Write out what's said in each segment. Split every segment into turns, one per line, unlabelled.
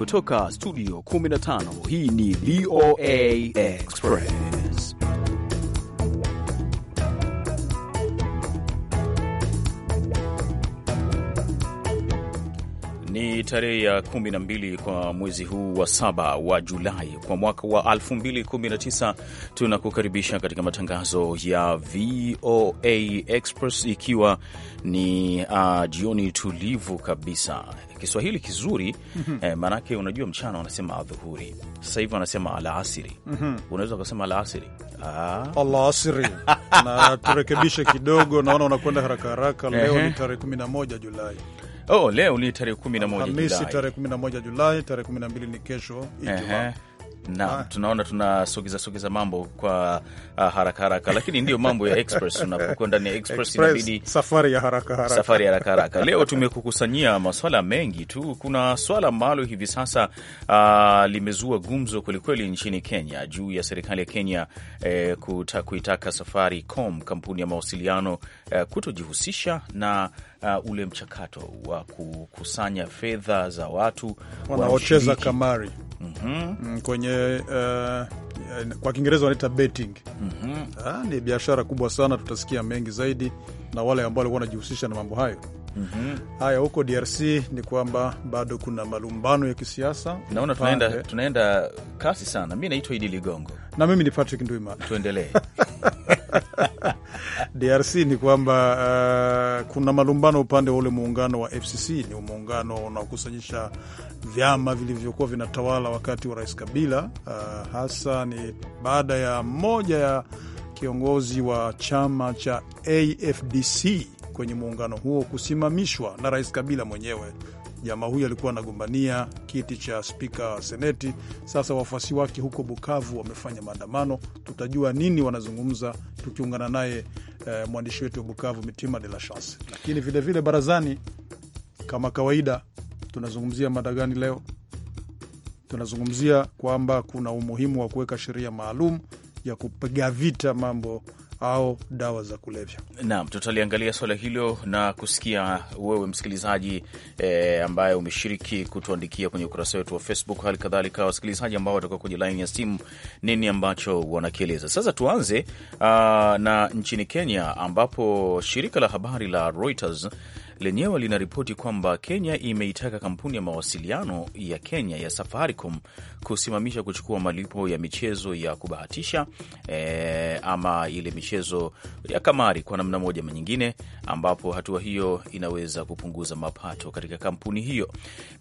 kutoka studio 15 hii ni VOA Express. Ni tarehe ya 12 kwa mwezi huu wa saba wa Julai kwa mwaka wa 2019. Tunakukaribisha katika matangazo ya VOA Express, ikiwa ni uh, jioni tulivu kabisa Kiswahili kizuri mm -hmm. Eh, maanake unajua mchana wanasema adhuhuri, sasa hivi wanasema alaasiri mm -hmm. Unaweza ukasema alaasiri ah.
alaasiri na turekebishe kidogo, naona unakwenda haraka haraka. Leo ni tarehe moja Julai.
Oh, leo ni tarehe 11 Julai,
tarehe moja Julai, tarehe mbili ni kesho
Ijumaa na ah. tunaona tunasogeza sogeza mambo kwa uh, haraka haraka, lakini ndiyo mambo ya Express. Unapokuwa ndani ya Express inabidi
safari ya haraka haraka, safari ya haraka haraka. Leo
tumekukusanyia maswala mengi tu. Kuna swala ambalo hivi sasa uh, limezua gumzo kwelikweli nchini Kenya juu ya serikali ya Kenya eh, kuitaka Safaricom, kampuni ya mawasiliano eh, kutojihusisha na uh, ule mchakato wa kukusanya fedha za watu wanaocheza kamari
mhm. mm -hmm. kwenye uh, kwa Kiingereza wanaita betting mm -hmm. Ah, ha, ni biashara kubwa sana, tutasikia mengi zaidi na wale ambao walikuwa wanajihusisha na mambo hayo. Mm -hmm. Haya, huko DRC ni kwamba bado kuna malumbano ya kisiasa. Naona tunaenda,
tunaenda kasi sana. Mi naitwa Idi Ligongo
na mimi ni Patrick Ndwima, tuendelee DRC ni kwamba uh, kuna malumbano upande wa ule muungano wa FCC. Ni muungano unaokusanyisha vyama vilivyokuwa vinatawala wakati wa Rais Kabila, uh, hasa ni baada ya moja ya kiongozi wa chama cha AFDC kwenye muungano huo kusimamishwa na Rais Kabila mwenyewe Jamaa huyu alikuwa anagombania kiti cha spika Seneti. Sasa wafuasi wake huko Bukavu wamefanya maandamano. Tutajua nini wanazungumza tukiungana naye eh, mwandishi wetu wa Bukavu Mitima de la Chance. Lakini vilevile barazani, kama kawaida, tunazungumzia mada gani leo? Tunazungumzia kwamba kuna umuhimu wa kuweka sheria maalum ya kupiga vita mambo au dawa za kulevya.
Naam, tutaliangalia swala hilo na kusikia wewe msikilizaji, e, ambaye umeshiriki kutuandikia kwenye ukurasa wetu wa Facebook, hali kadhalika wasikilizaji ambao watakuwa kwenye laini ya simu, nini ambacho wanakieleza. Sasa tuanze aa, ah, na nchini Kenya ambapo shirika la habari la Reuters lenyewe linaripoti kwamba Kenya imeitaka kampuni ya mawasiliano ya Kenya ya Safaricom kusimamisha kuchukua malipo ya michezo ya kubahatisha e, ama ile michezo ya kamari kwa namna moja ama nyingine, ambapo hatua hiyo inaweza kupunguza mapato katika kampuni hiyo.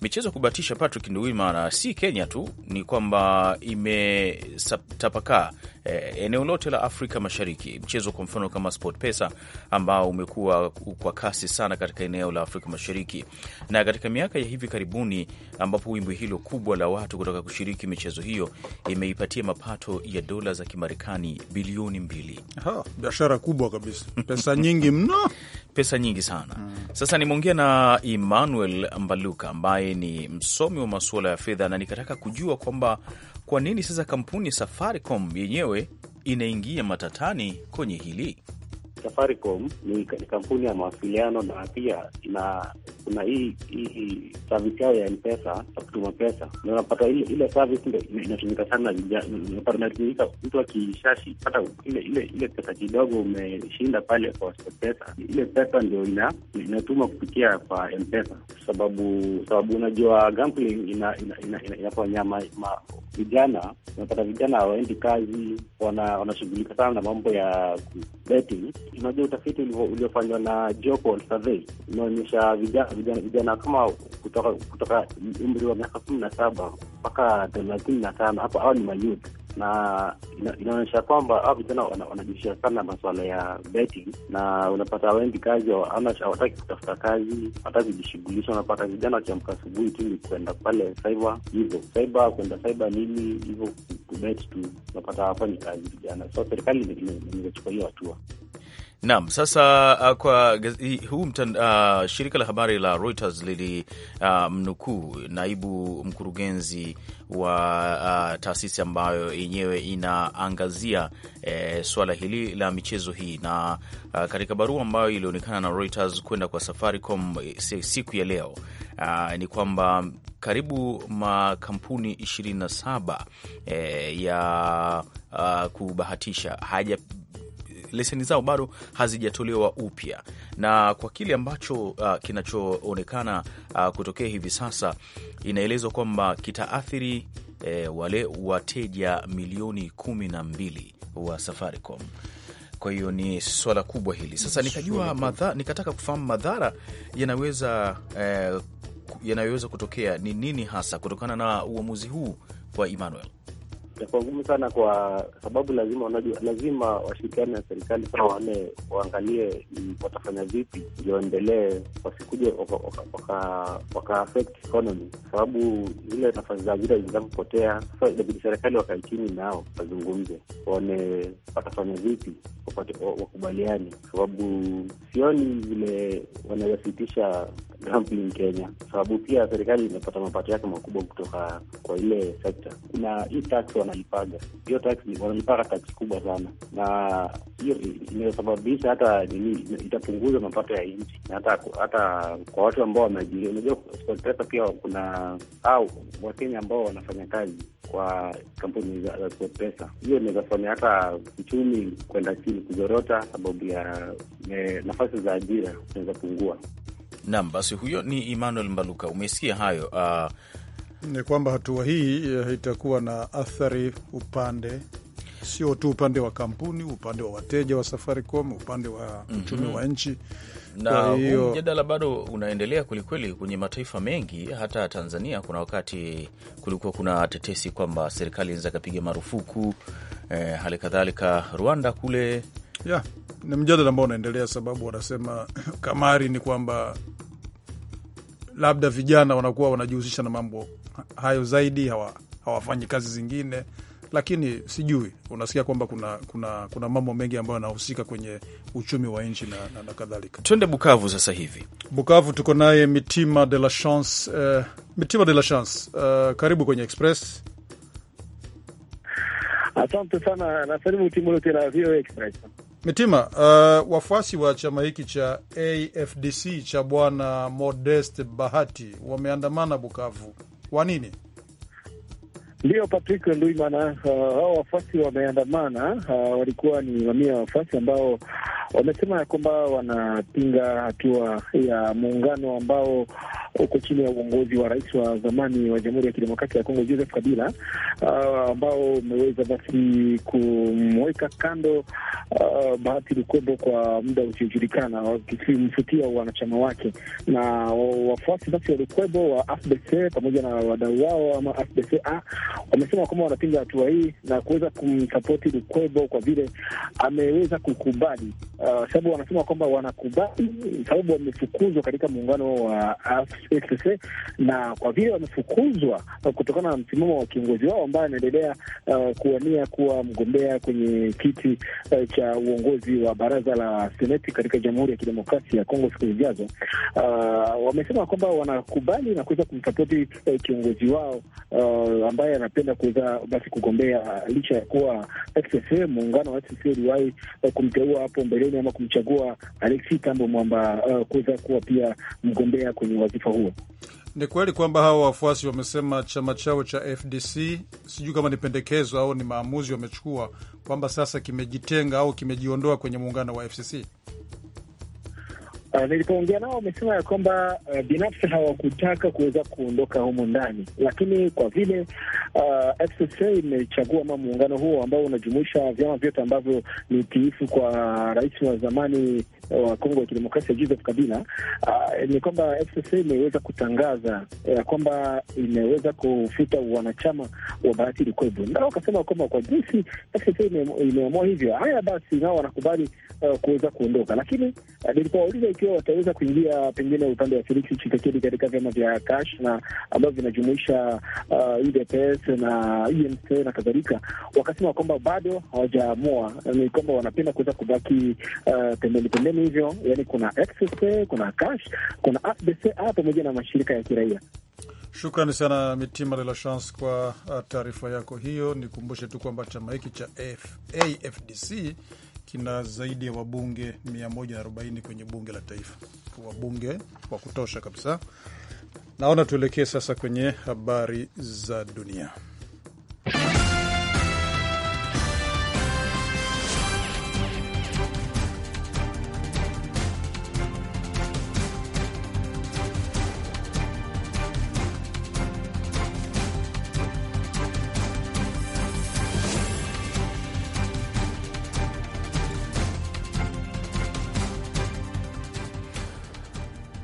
Michezo ya kubahatisha, Patrick Nduwimana, si Kenya tu, ni kwamba imetapakaa e, eh, eneo lote la Afrika Mashariki. Mchezo kwa mfano kama SportPesa ambao umekuwa kwa kasi sana katika eneo la Afrika Mashariki. Na katika miaka ya hivi karibuni, ambapo wimbi hilo kubwa la watu kutoka kushiriki michezo hiyo imeipatia mapato ya dola za Kimarekani bilioni mbili.
Ha, biashara kubwa kabisa, pesa nyingi
mno, pesa nyingi sana. Hmm. Sasa nimeongea na Emmanuel Mbaluka ambaye ni msomi wa masuala ya fedha na nikataka kujua kwamba kwa nini sasa kampuni Safaricom yenyewe inaingia matatani kwenye hili.
Safaricom ni kampuni ya mawasiliano na pia ina kuna hii hii service yao ya mpesa ya kutuma pesa, na unapata ile ile service inatumika sana inatumika, mtu akishashi pata ile ile ile pesa kidogo umeshinda pale kwa pesa, ile pesa ndio ina inatuma kupitia kwa mpesa sababu sababu unajua gambling ina inafanya ina, ina vijana unapata vijana hawaendi kazi, wanashughulika wana sana na mambo ya betting. Unajua, utafiti uliofanywa na Jopol Survey unaonyesha vijana vijana kama kutoka kutoka umri wa miaka kumi na saba mpaka thelathini na tano hapo, hawa ni mayouth na inaonyesha kwamba hao vijana wanajihusisha sana na masuala ya betting, na unapata wengi kazi hawataki kutafuta kazi, hata kujishughulisha. Unapata vijana wakiamka asubuhi tu ni kuenda pale cyber, hivyo cyber, kwenda cyber nini hivyo kubet tu, unapata hawafanyi kazi vijana. So serikali hiyo hatua
Naam, sasa uh, kwa huu uh, shirika la habari la Reuters lili uh, mnukuu naibu mkurugenzi wa uh, taasisi ambayo yenyewe inaangazia eh, suala hili la michezo hii, na uh, katika barua ambayo ilionekana na Reuters kwenda kwa Safaricom eh, siku ya leo uh, ni kwamba karibu makampuni 27 eh, ya uh, kubahatisha haja leseni zao bado hazijatolewa upya, na kwa kile ambacho uh, kinachoonekana uh, kutokea hivi sasa, inaelezwa kwamba kitaathiri eh, wale wateja milioni kumi na mbili wa Safaricom. Kwa hiyo ni swala kubwa hili sasa, nikajua madha, nikataka kufahamu madhara yanaweza eh, yanayoweza kutokea ni nini hasa kutokana na uamuzi huu wa Emmanuel
itakuwa ngumu sana, kwa sababu lazima unajua, lazima washirikiane na serikali sana, waone waangalie watafanya vipi ndio waendelee, wasikuje waka-affect economy, sababu zile nafasi za ajira zinazopotea. Sasa inabidi serikali wakae chini nao wazungumze, waone watafanya vipi, wakubaliani, sababu sioni vile wanaweza sitisha ni Kenya, sababu pia serikali imepata mapato yake makubwa kutoka kwa ile sekta. Kuna hii tax wanalipaga, hiyo tax wanalipaga tax kubwa sana, na hiyo inayosababisha hata nini, itapunguza mapato ya nchi, na hata hata kwa watu ambao wameajiriwa. Unajua pia kuna au Wakenya ambao wanafanya kazi kwa kampuni za pesa hiyo inaweza fanya hata uchumi kwenda chini, kuzorota, sababu ya eh, nafasi
za ajira zinaweza pungua. Nam, basi huyo ni Emmanuel Mbaluka. Umesikia hayo.
Uh, ni kwamba hatua hii eh, itakuwa na athari upande sio tu upande wa kampuni, upande wa wateja wa Safaricom, upande wa mhm. uchumi mm -hmm. wa nchi. Na hiyo
mjadala bado unaendelea kwelikweli kwenye mataifa mengi, hata Tanzania. Kuna wakati kulikuwa kuna tetesi kwamba serikali inaweza ikapiga marufuku eh, hali kadhalika Rwanda kule
yeah ni mjadala ambao unaendelea, sababu wanasema kamari ni kwamba labda vijana wanakuwa wanajihusisha na mambo hayo zaidi, hawa, hawafanyi kazi zingine, lakini sijui, unasikia kwamba kuna, kuna, kuna mambo mengi ambayo yanahusika kwenye uchumi wa nchi na, na, na kadhalika. Tuende Bukavu sasa hivi. Bukavu tuko naye Mitima de la Chance. Uh, Mitima de la Chance, uh, karibu kwenye Express.
Asante sana, nasalimu timu yote la VOA Express.
Mitima, uh, wafuasi wa chama hiki cha AFDC cha bwana Modest Bahati wameandamana Bukavu, kwa nini?
Ndiyo, Patrick Nduimana, uh, hao uh, wafuasi wameandamana. Uh, walikuwa ni mamia ya wafuasi ambao wamesema ya kwamba wanapinga hatua ya muungano ambao huko chini ya uongozi wa rais wa zamani wa Jamhuri ya Kidemokrasia ya Kongo Joseph Kabila, uh, ambao umeweza basi kumweka kando uh, Bahati Lukombo kwa muda usiojulikana, wakimfutia wanachama wake na wafuasi basi wa Lukwebo wa FBC pamoja na wadau wao ama FBCA wamesema kwamba wanapinga hatua hii na kuweza kumsapoti Lukwebo kwa vile ameweza kukubali uh, sababu wanasema kwamba wanakubali sababu wamefukuzwa katika muungano wa FCC, na kwa vile wamefukuzwa uh, kutokana na msimamo wa kiongozi wao ambaye anaendelea uh, kuwania kuwa mgombea kwenye kiti uh, cha uongozi wa baraza la seneti katika Jamhuri ya Kidemokrasia ya Kongo siku zijazo, uh, wamesema kwamba wanakubali na kuweza kumsapoti uh, kiongozi wao uh, ambaye anapenda kuweza basi kugombea licha ya kuwa FCC, muungano wa FCC uliwahi uh, kumteua hapo mbeleni ama kumchagua Alexi Tambo Mwamba uh, kuweza kuwa pia mgombea kwenye wadhifa mchakato huo.
Ni kweli kwamba hawa wafuasi wamesema chama chao cha FDC, sijui kama ni pendekezo au ni maamuzi wamechukua kwamba sasa kimejitenga au kimejiondoa kwenye muungano wa FCC.
Uh, nilipoongea nao wamesema ya kwamba uh, binafsi hawakutaka kuweza kuondoka humu ndani, lakini kwa vile uh, imechagua ama muungano huo ambao unajumuisha vyama vyote ambavyo ni tiifu kwa rais wa zamani uh, wa Kongo ya Kidemokrasia Joseph Kabila, uh, ni kwamba FCCA imeweza kutangaza ya kwamba imeweza kufuta wanachama wa Bahati Likwebu, nao wakasema kwamba kwa jinsi imeamua hivyo, haya basi nao wanakubali uh, kuweza kuondoka, lakini uh, nilipowauliza ikiwa wataweza kuingia pengine upande wa Felix Tshisekedi katika vyama vya Kash na ambavyo vinajumuisha uh, eh, UDPS e na UNC e na kadhalika, wakasema kwamba bado hawajaamua, ni kwamba wanapenda kuweza kubaki uh, pembeni pembeni hivyo, yani kuna FCC, kuna Kash, kuna AFDC pamoja na mashirika ya kiraia.
Shukrani sana Mitima de la Chance kwa taarifa yako hiyo. Nikumbushe tu kwamba chama hiki cha AFDC kina zaidi ya wabunge 140 kwenye bunge la taifa, wabunge wa kutosha kabisa. Naona tuelekee sasa kwenye habari za dunia.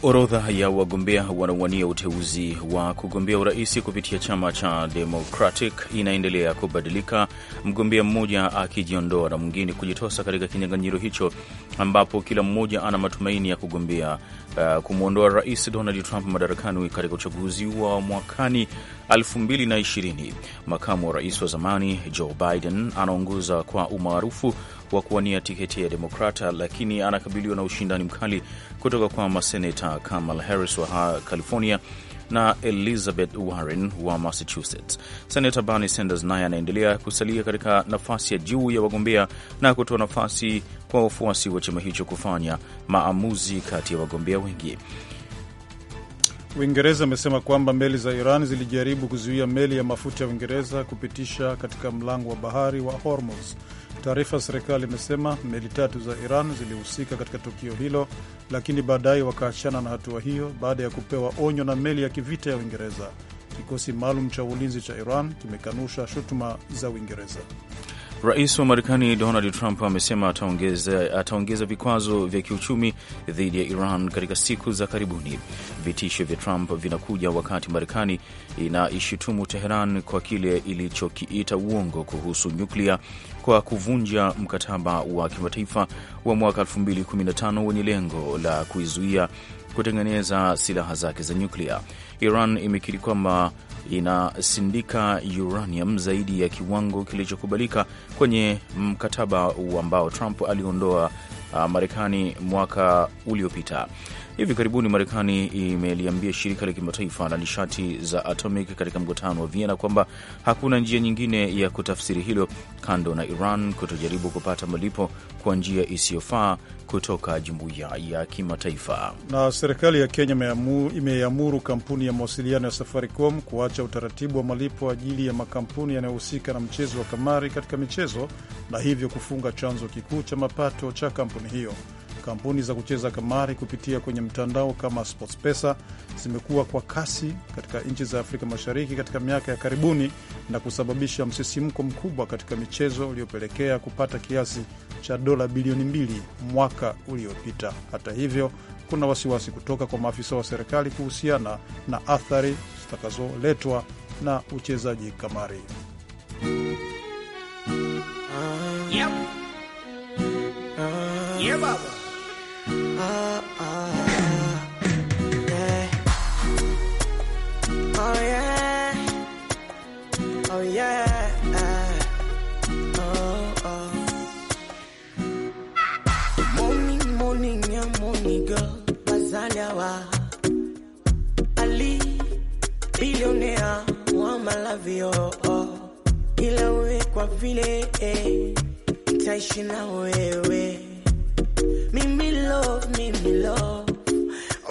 Orodha ya wagombea wanaowania uteuzi wa kugombea urais kupitia chama cha Democratic inaendelea kubadilika, mgombea mmoja akijiondoa na mwingine kujitosa katika kinyang'anyiro hicho, ambapo kila mmoja ana matumaini ya kugombea uh, kumwondoa Rais Donald Trump madarakani katika uchaguzi wa mwakani 2020. Makamu wa rais wa zamani Joe Biden anaongoza kwa umaarufu wa kuwania tiketi ya Demokrata, lakini anakabiliwa na ushindani mkali kutoka kwa maseneta Kamala Harris wa California na Elizabeth Warren wa Massachusetts. Senata Bernie Sanders naye anaendelea kusalia katika nafasi ya juu ya wagombea na kutoa nafasi kwa wafuasi wa chama hicho kufanya maamuzi kati ya wagombea wengi.
Uingereza amesema kwamba meli za Iran zilijaribu kuzuia meli ya mafuta ya Uingereza kupitisha katika mlango wa bahari wa Hormuz Taarifa ya serikali imesema meli tatu za Iran zilihusika katika tukio hilo, lakini baadaye wakaachana na hatua hiyo baada ya kupewa onyo na meli ya kivita ya Uingereza. Kikosi maalum cha ulinzi cha Iran kimekanusha shutuma za Uingereza.
Rais wa Marekani Donald Trump amesema ataongeza, ataongeza vikwazo vya kiuchumi dhidi ya Iran katika siku za karibuni. Vitisho vya Trump vinakuja wakati Marekani inaishutumu Teheran kwa kile ilichokiita uongo kuhusu nyuklia kwa kuvunja mkataba wa kimataifa wa mwaka 2015 wenye lengo la kuizuia kutengeneza silaha zake za nyuklia. Iran imekiri kwamba inasindika uranium zaidi ya kiwango kilichokubalika kwenye mkataba ambao Trump aliondoa uh, Marekani mwaka uliopita. Hivi karibuni Marekani imeliambia shirika la kimataifa la nishati za atomic katika mkutano wa Vienna kwamba hakuna njia nyingine ya kutafsiri hilo kando na Iran kutojaribu kupata malipo kwa njia isiyofaa kutoka jumuiya ya kimataifa.
Na serikali ya Kenya imeiamuru kampuni ya mawasiliano ya Safaricom kuacha utaratibu wa malipo ajili ya makampuni yanayohusika na mchezo wa kamari katika michezo, na hivyo kufunga chanzo kikuu cha mapato cha kampuni hiyo. Kampuni za kucheza kamari kupitia kwenye mtandao kama SportPesa zimekuwa kwa kasi katika nchi za Afrika Mashariki katika miaka ya karibuni na kusababisha msisimko mkubwa katika michezo uliopelekea kupata kiasi cha dola bilioni mbili mwaka uliopita. Hata hivyo, kuna wasiwasi kutoka kwa maafisa wa serikali kuhusiana na athari zitakazoletwa na uchezaji kamari. Yep. Uh, yeah, baba.
unavyo oh, ila uwe kwa vile eh, taishi na wewe mimi lo mimi lo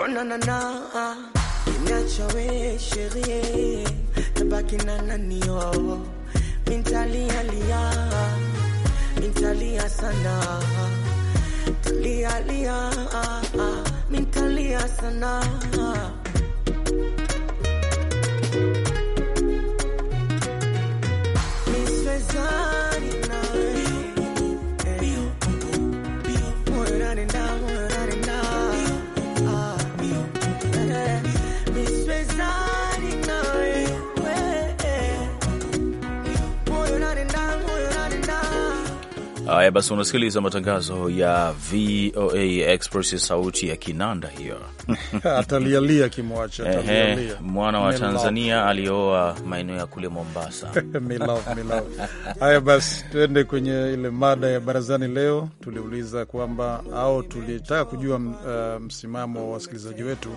onanana oh, inachawe sherie tabaki na nani oh, mintalia lia mintalia sana talialia mintalia sana
desire Haya basi, unasikiliza matangazo ya VOA Express, sauti ya kinanda hiyo.
Atalialia kimwacha, atalialia. Mwana wa Tanzania
aliyooa maeneo ya kule Mombasa.
Me love, me love. Haya basi, tuende kwenye ile mada ya barazani. Leo tuliuliza kwamba au tulitaka kujua uh, msimamo wa wasikilizaji wetu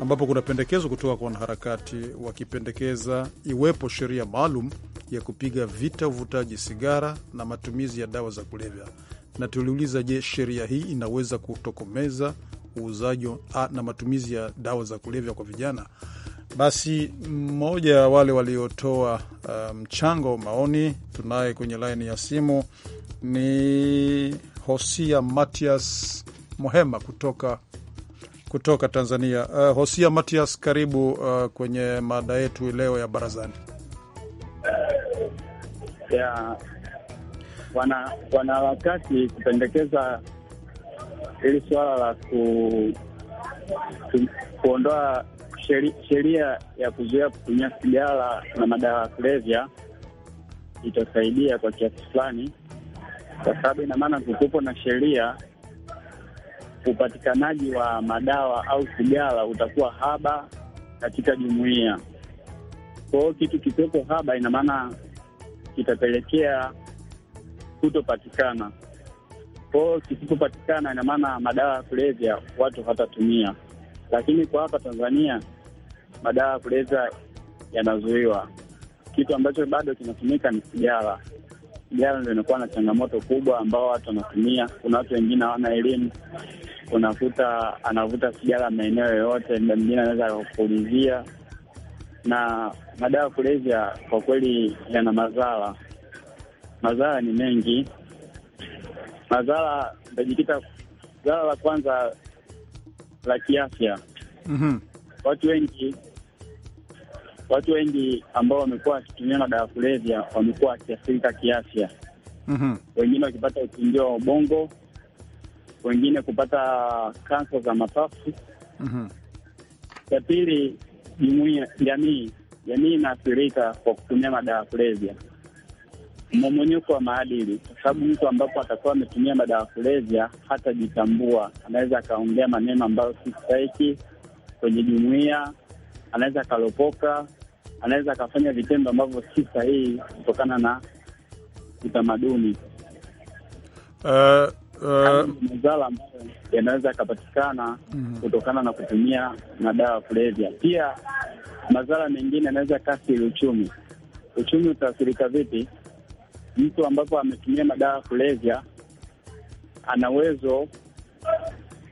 ambapo kuna pendekezo kutoka kwa wanaharakati wakipendekeza iwepo sheria maalum ya kupiga vita uvutaji sigara na matumizi ya dawa za kulevya. Na tuliuliza, je, sheria hii inaweza kutokomeza uuzaji na matumizi ya dawa za kulevya kwa vijana? Basi mmoja ya wale waliotoa uh, mchango um, maoni tunaye kwenye laini ya simu ni Hosia Matias Mohema kutoka kutoka Tanzania. Uh, Hosia Matias, karibu uh, kwenye mada yetu leo ya barazani.
Yeah. Wana wakati kupendekeza hili suala la ku, ku, kuondoa sheria ya kuzuia kutumia sigara na madawa ya kulevya itasaidia kwa kiasi fulani, kwa sababu ina maana kukupo na sheria upatikanaji wa madawa au sigara utakuwa haba katika jumuiya. Kwa hiyo kitu kikiwepo haba, ina maana kitapelekea kutopatikana. Kwa hiyo kisipopatikana, ina maana madawa ya kulevya watu hatatumia. Lakini kwa hapa Tanzania madawa ya kulevya yanazuiwa, kitu ambacho bado kinatumika ni sigara jana ndo inakuwa na changamoto kubwa ambao watu wanatumia. Kuna watu wengine hawana elimu, unakuta anavuta sigara maeneo yoyote, mda mwingine anaweza akakuulizia. Na madawa ya kulevya kwa kweli yana madhara, madhara ni mengi. Madhara ntajikita dhara la kwanza la kiafya. mm -hmm. Watu wengi watu wengi ambao wamekuwa wakitumia madawa ya kulevya wamekuwa wakiathirika kiafya. mm -hmm. Wengine wakipata utingio wa ubongo, wengine kupata kansa za mapafu. mm -hmm. Ya pili, jamii jamii inaathirika kwa kutumia madawa ya kulevya, mmomonyoko wa maadili, kwa sababu mtu ambapo atakuwa ametumia madawa ya kulevya hatajitambua, anaweza akaongea maneno ambayo si stahiki kwenye jumuia, anaweza akalopoka anaweza akafanya vitendo ambavyo si sahihi kutokana na utamaduni
uh, uh,
mazala ambayo yanaweza yakapatikana mhm. kutokana na kutumia madawa kulevya. Pia madhara mengine yanaweza kasiri uchumi. Uchumi utaathirika vipi? Mtu ambapo ametumia madawa kulevya ana uwezo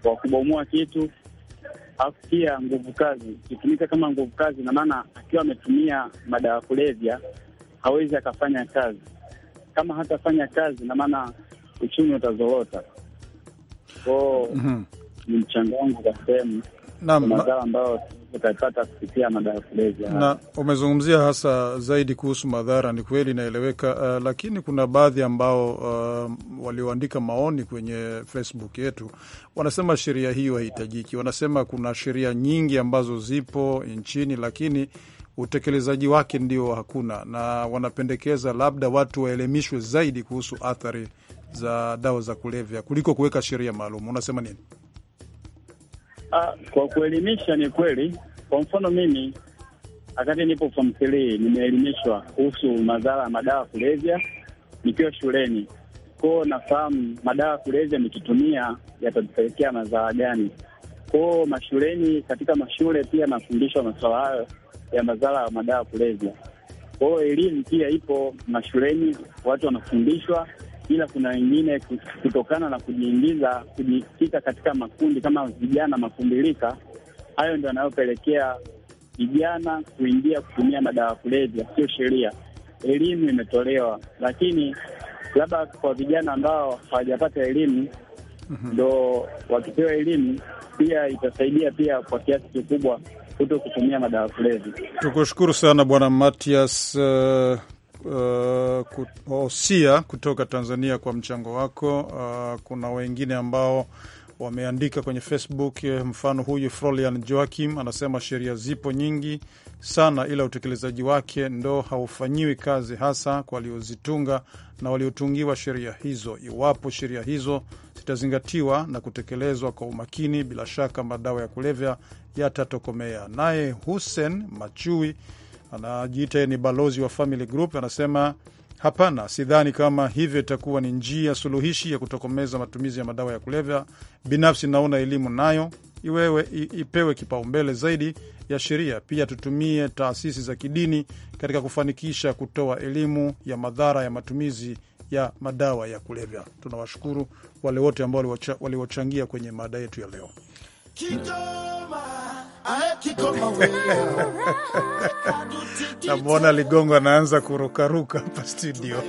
wa kubomoa kitu alafu pia nguvu kazi ikitumika kama nguvu kazi, na maana akiwa ametumia madawa kulevya hawezi akafanya kazi. Kama hatafanya kazi, na maana uchumi utazorota. Koo,
mhm. ni mchango wangu
kwa sehemu madhara ambayo kupitia madawa kulevya. Na
umezungumzia hasa zaidi kuhusu madhara, ni kweli inaeleweka. Uh, lakini kuna baadhi ambao uh, walioandika maoni kwenye Facebook yetu wanasema sheria hiyo haihitajiki. Wanasema kuna sheria nyingi ambazo zipo nchini, lakini utekelezaji wake ndio hakuna, na wanapendekeza labda watu waelimishwe zaidi kuhusu athari za dawa za kulevya kuliko kuweka sheria maalum. Unasema nini?
Ah, kwa kuelimisha ni kweli. Kwa mfano mimi wakati nipo form three nimeelimishwa kuhusu madhara ya madawa kulevya nikiwa shuleni. koo nafahamu madawa kulevya nikitumia yatatupelekea madhara gani. koo mashuleni, katika mashule pia nafundishwa masuala hayo ya madhara ya madawa kulevya. Kwao elimu pia ipo mashuleni, watu wanafundishwa ila kuna wengine kutokana na kujiingiza, kujikita katika makundi kama vijana makundirika Hayo ndio yanayopelekea vijana kuingia kutumia madawa kulevya. Sio sheria, elimu imetolewa, lakini labda kwa vijana ambao hawajapata elimu mhm. ndo wakipewa elimu pia itasaidia pia kwa kiasi kikubwa kuto kutumia madawa kulevya.
Tukushukuru sana Bwana Matias uh, Hosia uh, oh, kutoka Tanzania kwa mchango wako. Uh, kuna wengine ambao wameandika kwenye Facebook. Eh, mfano huyu Frolian Joakim anasema sheria zipo nyingi sana, ila utekelezaji wake ndo haufanyiwi kazi, hasa kwa waliozitunga na waliotungiwa sheria hizo. Iwapo sheria hizo zitazingatiwa na kutekelezwa kwa umakini, bila shaka madawa ya kulevya yatatokomea. Naye Hussein Machui anajiita ni balozi wa Family Group, anasema hapana, sidhani kama hivyo itakuwa ni njia suluhishi ya kutokomeza matumizi ya madawa ya kulevya. Binafsi naona elimu nayo iwewe, ipewe kipaumbele zaidi ya sheria. Pia tutumie taasisi za kidini katika kufanikisha kutoa elimu ya madhara ya matumizi ya madawa ya kulevya. Tunawashukuru wale wote ambao waliwachangia kwenye mada yetu ya leo Namwona Ligongo anaanza kurukaruka hapa studio.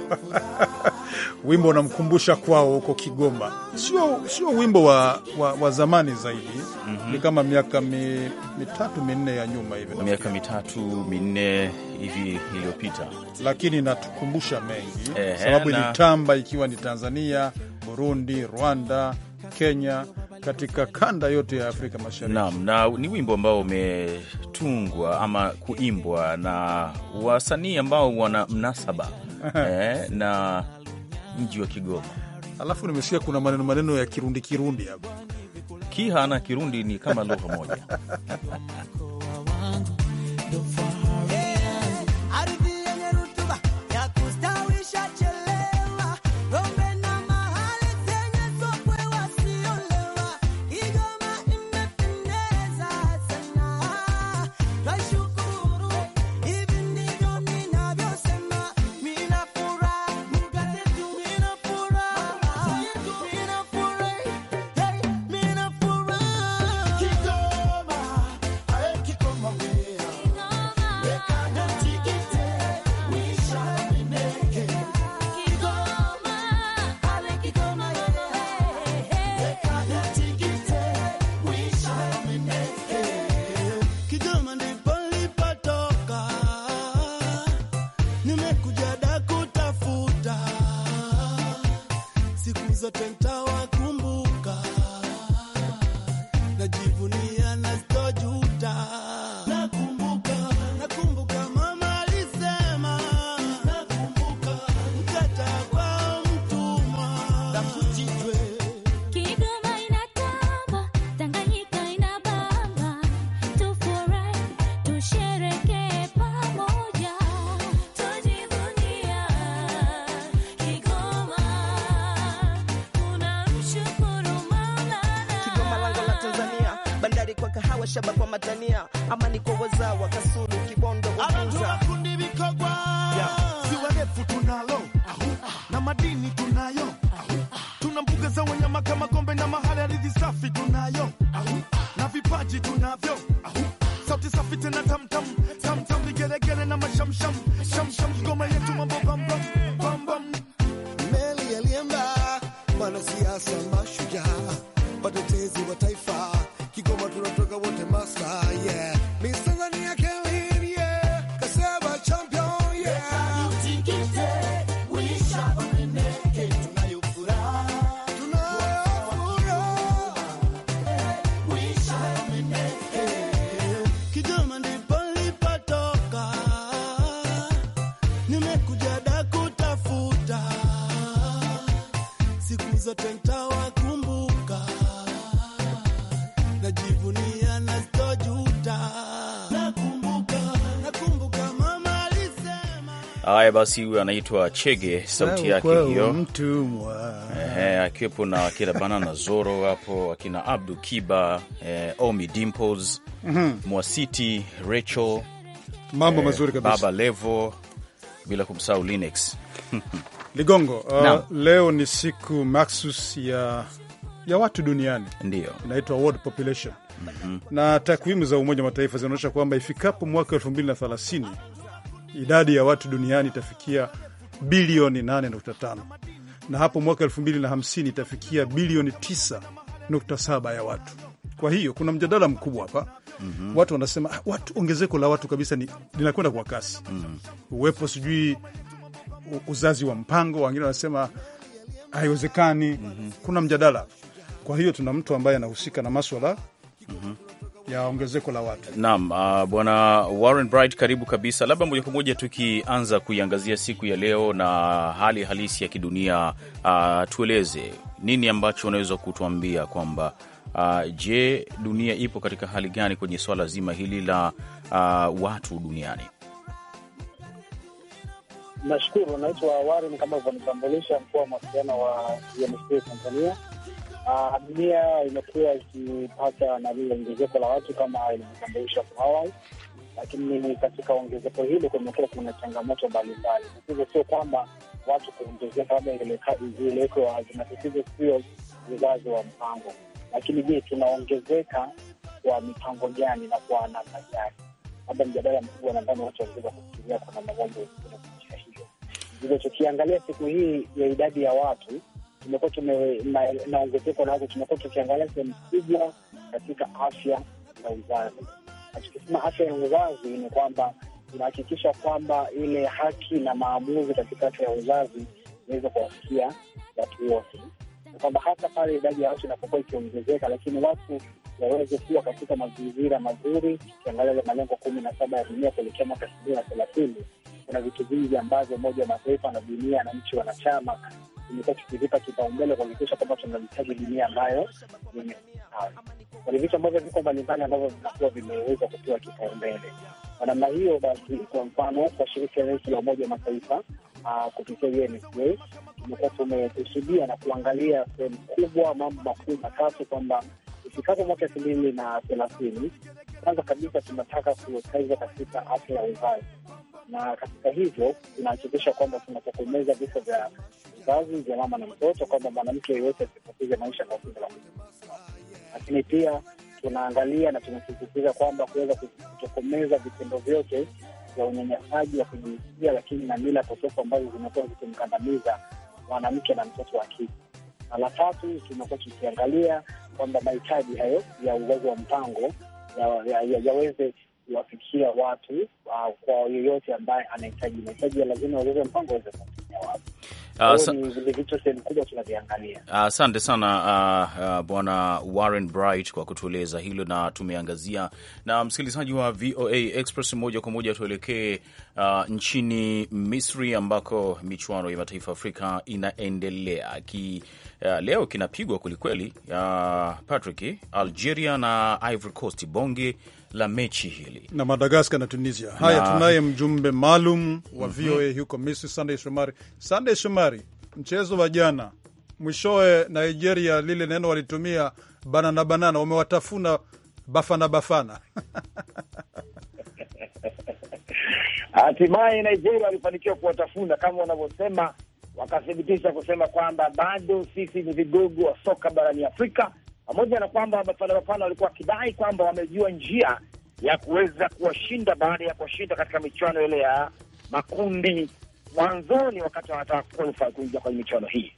Wimbo unamkumbusha kwao huko Kigoma, sio sio wimbo wa, wa, wa zamani zaidi mm -hmm. Ni kama miaka mi, mitatu minne ya nyuma hivi, miaka mitatu minne
hivi iliyopita,
lakini natukumbusha mengi eh, sababu ilitamba ikiwa ni Tanzania, Burundi, Rwanda Kenya katika kanda yote ya Afrika Mashariki.
Naam, na ni wimbo ambao umetungwa ama kuimbwa na wasanii ambao wana mnasaba eh, na mji
wa Kigoma. Alafu nimesikia kuna maneno maneno ya Kirundi Kirundi hapa. Kiha na Kirundi ni kama lugha moja
a ten na mashamsham shamsham, ngoma yetu mambo bamba
basi, huyu anaitwa Chege, sauti yake hiyo, akiwepo na akina Banana Zoro hapo, akina Abdu Kiba, eh, Omi Dimples, mm -hmm. Mwasiti Rachel,
mambo eh, mazuri kabisa, Baba
Levo, bila kumsahau Linux
Ligongo. Uh, leo ni siku maxus ya ya watu duniani ndio inaitwa world population. Mm -hmm. Na takwimu za Umoja wa Mataifa zinaonyesha kwamba ifikapo mwaka 2030 idadi ya watu duniani itafikia bilioni 8.5 na hapo mwaka 2050 itafikia bilioni 9.7 ya watu. Kwa hiyo kuna mjadala mkubwa hapa. Mm -hmm. Watu wanasema ah, watu, ongezeko la watu kabisa ni linakwenda kwa kasi. Mm -hmm. Uwepo sijui uzazi wa mpango, wengine wanasema haiwezekani. Mm -hmm. Kuna mjadala. Kwa hiyo tuna mtu ambaye anahusika na maswala mm -hmm ya ongezeko la watu.
Naam, uh, bwana Warren Bright, karibu kabisa. Labda moja kwa moja tukianza kuiangazia siku ya leo na hali halisi ya kidunia, uh, tueleze nini ambacho unaweza kutuambia kwamba Uh, je, dunia ipo katika hali gani kwenye swala zima hili la uh, watu duniani?
Nashukuru. Naitwa Warren, kama ulivyonitambulisha, mkuu wa mawasiliano wa UNFPA Tanzania. Ah, dunia imekuwa ikipata na lile ongezeko la watu kama ilivyotambulisha kwa awali, lakini katika ongezeko hili kumekuwa kuna changamoto mbalimbali. Tatizo sio kwamba watu kuongezeka labda zilekazina, tatizo sio uzazi wa mpango, lakini je, tunaongezeka kwa mipango gani na kwa namna gani? Labda mjadala mkubwa nadhani watu wanaweza kufikiria kwa namna gani Tukiangalia siku hii ya idadi ya watu tumekuwa na ongezeko lake, tumekuwa tukiangalia sehemu kubwa katika afya ya uzazi. Na tukisema afya ya uzazi ni kwamba tunahakikisha kwamba ile haki na maamuzi katika afya ya uzazi inaweza kuwafikia watu wote, na kwamba hata pale idadi ya watu inapokuwa ikiongezeka, lakini watu waweze kuwa katika mazingira mazuri. Tukiangalia ile malengo kumi na saba ya dunia kuelekea mwaka elfu mbili na thelathini kuna vitu vingi ambavyo Umoja wa Mataifa na dunia na nchi wanachama tumekuwa tukivipa kipaumbele kuhakikisha kwamba tunahitaji dunia ambayo yenye Kuna vitu ambavyo viko mbalimbali ambavyo vinakuwa vimeweza kupewa kipaumbele kwa namna hiyo. Basi kwa mfano, kwa shirika letu la Umoja wa Mataifa ah, kupitia UNFPA tumekuwa tumekusudia na kuangalia sehemu kubwa, mambo makuu matatu kwamba ifikapo mwaka elfu mbili na thelathini, kwanza kabisa tunataka kuwekeza katika afya ya uzazi, na katika hivyo tunahakikisha kwamba tunatokomeza vifo vya mzazi, za mama na mtoto, kwamba mwanamke yeyote asipoteze maisha kwa kundi la lakini pia tunaangalia na tunasisitiza kwamba kuweza kutokomeza vitendo vyote vya unyanyasaji wa kijinsia, lakini na mila potofu ambazo zimekuwa zikimkandamiza mwanamke na mtoto wa kike. Na la tatu, tumekuwa tukiangalia kwamba mahitaji hayo ya uzazi wa mpango yaweze kuwafikia watu uh, kwa yoyote ambaye anahitaji mahitaji ya lazima ya uzazi wa mpango aweze kuwafikia watu.
Ah, Asante sana uh, uh, Bwana Warren Bright kwa kutueleza hilo na tumeangazia. Na msikilizaji wa VOA Express, moja kwa moja tuelekee uh, nchini Misri ambako michuano ya mataifa Afrika inaendelea ki, uh, leo kinapigwa kwelikweli. Uh, Patrick, Algeria na Ivory Coast bonge la mechi hili
na Madagaskar na Tunisia. Haya, tunaye mjumbe maalum wa mhm. VOA huko Misri, Sandey Shomari. sandey Shomari, mchezo wa jana mwishowe, Nigeria lile neno walitumia banana banana, wamewatafuna bafana bafana
Hatimaye Nigeria walifanikiwa kuwatafuna kama wanavyosema, wakathibitisha kusema kwamba bado sisi ni vigogo wa soka barani Afrika, pamoja na kwamba Bafana Bafana walikuwa wakidai kwamba wamejua njia ya kuweza kuwashinda baada ya kuwashinda katika michuano ile ya makundi mwanzoni, wakati wanataka kuingia kwenye michuano hii.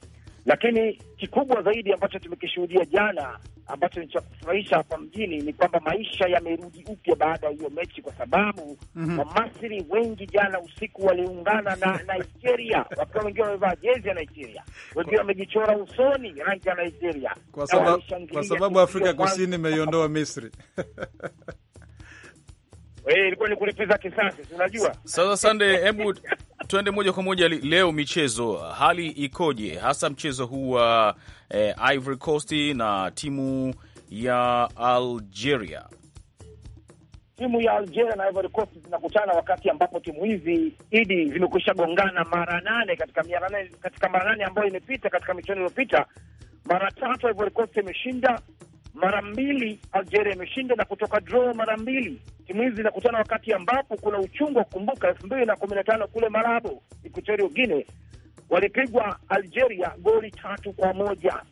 Lakini kikubwa zaidi ambacho tumekishuhudia jana ambacho ni cha kufurahisha hapa mjini ni kwamba maisha yamerudi upya baada ya hiyo mechi, kwa sababu mm -hmm. Wamasri wengi jana usiku waliungana na Nigeria wakiwa wengine wamevaa jezi ya Nigeria, wengine wamejichora usoni rangi ya Nigeria kwa sababu Afrika Kusini
imeiondoa Misri
Eh, ilikuwa ni kulipiza kisasi, unajua.
Sasa Sande, hebu tuende moja kwa moja leo michezo, hali ikoje hasa mchezo huu wa eh, Ivory Coast na timu ya Algeria?
Timu ya Algeria na Ivory Coast zinakutana wakati ambapo timu hizi idi zimekwisha gongana mara nane katika mara nane katika mara nane ambayo imepita katika michuano iliyopita. Mara tatu Ivory Coast imeshinda mara mbili Algeria imeshinda na kutoka draw mara mbili. Timu hizi zinakutana wakati ambapo kuna uchungu wa kukumbuka elfu mbili na kumi na tano kule Malabo, Equatorial Guinea, walipigwa Algeria goli tatu kwa moja.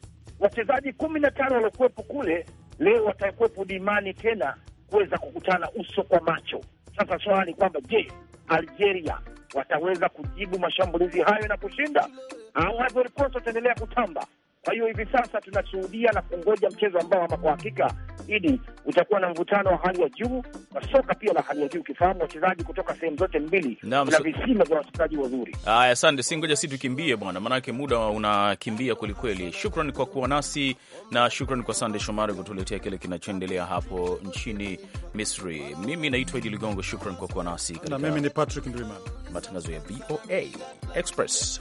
Wachezaji kumi na tano waliokuwepo kule leo watakuwepo dimani tena kuweza kukutana uso kwa macho. Sasa swala ni kwamba je, Algeria wataweza kujibu mashambulizi hayo na kushinda au Ivory Coast wataendelea kutamba? Kwa hiyo hivi sasa tunashuhudia na kungoja mchezo ambao ama kwa hakika idi utakuwa na mvutano wa hali ya juu na soka pia la hali ya juu, ukifahamu wachezaji kutoka sehemu zote mbili
na visima
vya wachezaji wazuri.
Haya, asante, si ngoja si tukimbie bwana, maanake muda unakimbia kwelikweli. Shukran kwa kuwa nasi na shukran kwa Sande Shomari kutuletea kile kinachoendelea hapo nchini Misri. Mimi naitwa Idi Ligongo, shukran kwa kuwa nasi na mimi
ni Patrick Ndwimana, matangazo ya VOA
Express.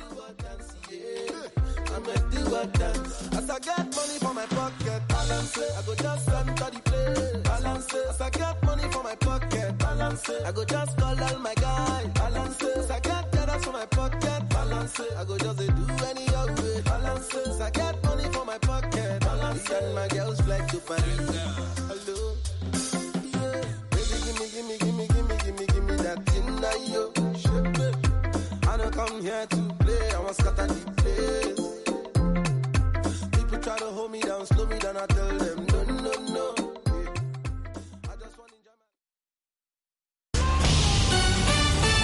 I make the world dance. As I get money for my pocket, balance it. I go just spend the place, balance it. As I get money for my pocket, balance it. I go just call all my guys, balance it. As I get dollars for my pocket, balance it. I go just do any other way, balance it. As I get money for my pocket, balance it. And my girls fly to Paris. Hello. Yeah. Baby, gimme, gimme, gimme, gimme, gimme, gimme that thing that you. I don't come here to play, I want scatter the place. slow me down, slow me down, I tell them